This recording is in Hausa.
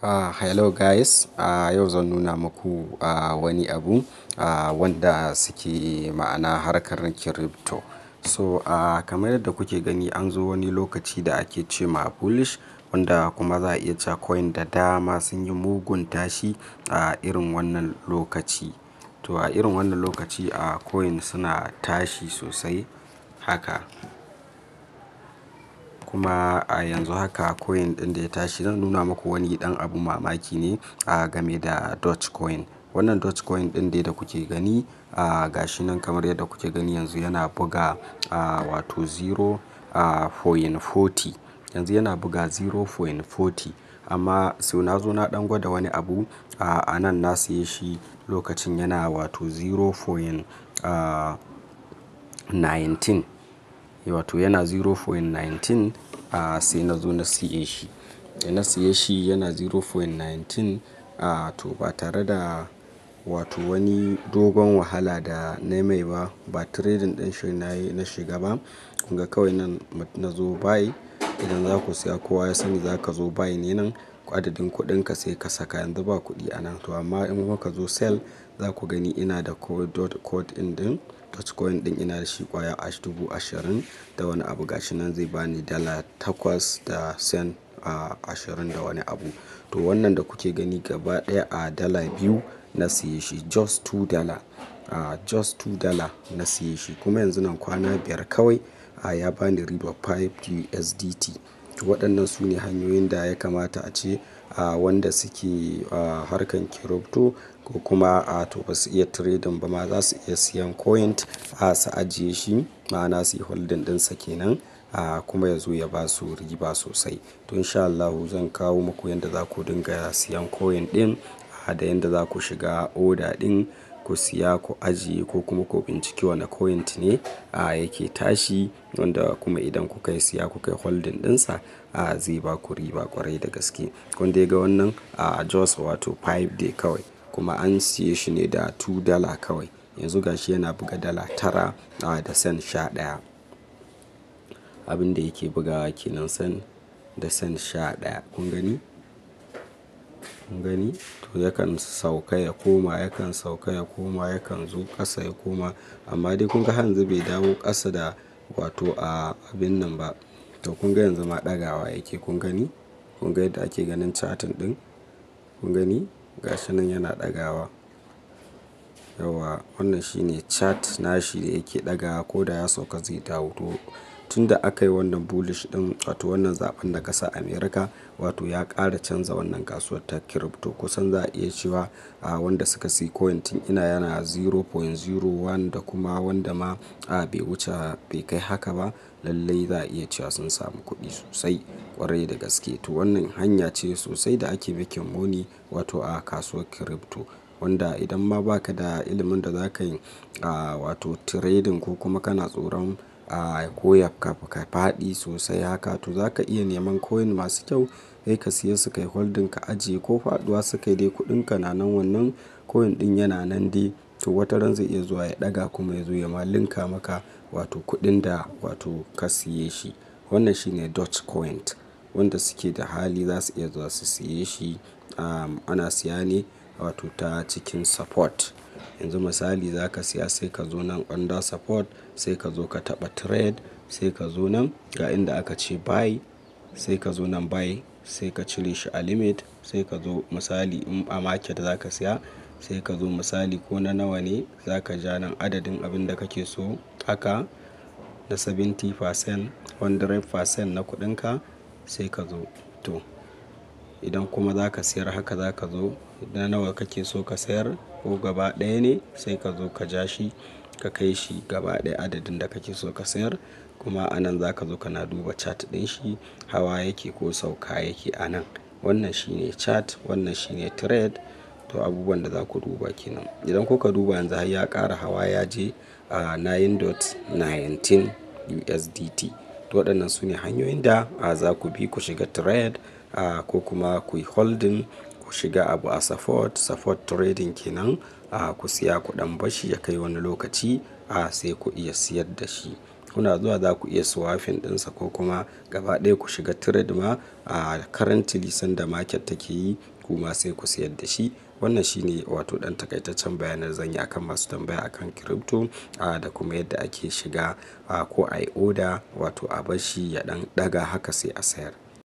Ah, hello guys, ah, yau zan nuna muku ah, wani abu ah, wanda suke ma'ana harkar crypto. So ah, kamar yadda kuke gani an zo wani lokaci da ake ce ma bullish wanda kuma za a iya cewa coin da dama sun yi mugun tashi a irin wannan lokaci. To a irin wannan lokaci a ko'in coin suna tashi sosai haka. kuma a yanzu haka coin ɗin da ya tashi zan nuna muku wani ɗan abu mamaki ne a game da Dogecoin. Wannan Dogecoin ɗin dai da kuke gani a gashi nan kamar yadda kuke gani yanzu yana buga a wato zero a 40, yanzu yana buga zero point 40, amma sau na zo na ɗan gwada wani abu a nan na saye shi lokacin yana wato zero point 19. wato yana 0.19 a ah, sai na zo na siye shi na siye shi yana 0.19 a ah, to ba tare da wato wani dogon wahala da na mai ba ba trading din shi na yi na shiga ba ga kawai nan na zo bayi idan za ku siya kowa ya sani za ka zo bayi ne nan adadin kuɗinka ka sai ka saka yanzu ba kuɗi a nan to amma in ka zo sell za ku gani ina da code in din dogecoin din ina da shi kwaya a dubu da wani abu gashi nan zai bani dala takwas da sen a ashirin da wani abu to wannan da kuke gani gaba daya a dala biyu na siye shi just two dala a just two dala na siye shi kuma yanzu nan kwana biyar kawai a ya bani riba 5 usdt waɗannan su ne hanyoyin da ya kamata a ce a wanda suke a harkan kirifto ko kuma a to ba su iya trading ba ma za su iya siyan coin a su ajiye shi ma'ana su yi holding ɗinsa kenan a kuma ya zo ya ba su riba sosai. To insha Allahu zan kawo muku yanda za ku dinga siyan coin ɗin da yanda za ku shiga order ɗin. ku siya ku ajiye ko kuma ku binciki wani coin ne a yake tashi wanda kuma idan kuka yi siya kuka kai holding ɗinsa a zai ba ku riba kwarai da gaske kun dai ga wannan a jos wato 5 day kawai kuma an siye shi ne da 2 dala kawai yanzu gashi yana buga dala tara da sen sha ɗaya abin da yake buga kenan sen da sen sha ɗaya kun gani gani to yakan sauka ya koma yakan sauka ya koma yakan zo ƙasa ya koma amma dai kun ga hanzu bai dawo ƙasa da wato a abin nan ba to kun ga yanzu ma ɗagawa yake kun gani kun ga yadda ake ganin chatin ɗin kun gani gashi nan yana ɗagawa yawa wannan shine chat nashi da yake ɗagawa ko da ya sauka zai dawo to tun da aka yi wannan bullish din wato wannan zaben da kasa america wato ya kara canza wannan kasuwar ta crypto kusan za a iya cewa a wanda suka si coin tun ina yana 0.01 da kuma wanda ma a bai wuce bai kai haka ba lallai za a iya cewa sun samu kuɗi sosai kwarai da gaske to wannan hanya ce sosai da ake bikin moni wato a kasuwar crypto wanda idan ma baka da ilimin da za ka yi a wato trading ko kuma kana tsoron a ko ya ka faɗi sosai haka to za ka iya neman koyin masu kyau sai ka siya su kai holding ka ajiye ko faɗuwa su kai dai kuɗin ka na nan wannan koyin din yana nan dai to wata zai iya zuwa ya ɗaga kuma ya zo ya malinka maka wato kuɗin da wato ka siye shi wannan shine coin wanda suke da hali za su iya zuwa su siye shi ana siya ne wato ta cikin support yanzu misali za ka siya sai ka zo nan under support sai ka zo ka taɓa trade sai ka zo nan ga inda aka ce buy sai ka zo nan buy sai ka cire shi a limit sai ka zo misali in a market za ka siya sai ka zo misali ko na nawa ne za ka ja nan adadin abin da kake so haka na 70% 100% na kudinka sai ka zo to idan kuma za ka sayar haka za ka zo na nawa kake so ka sayar ko gaba ɗaya ne sai ka zo ka ja shi ka kai shi gaba ɗaya adadin da kake so ka sayar kuma a nan za ka zo kana duba chat ɗin shi hawa yake ko sauka yake a nan wannan shine chat wannan shine trade to abubuwan da za ku duba kenan idan kuka duba yanzu har ya kara hawa ya je a 9.19 usdt to waɗannan su ne hanyoyin da za ku bi ku shiga trade ko kuma ku yi holding ku shiga abu a support support trading kenan a ku siya kuɗan bashi ya kai wani lokaci a sai ku iya siyar da shi kuna zuwa za ku iya swapping ɗinsa ko kuma gaba ɗaya ku shiga trade ma a currently sanda market take yi kuma sai ku siyar da shi wannan shine wato dan takaitaccen bayanan zan yi akan masu tambaya akan crypto da kuma yadda ake shiga ko a yi oda wato a bashi ya dan daga haka sai a sayar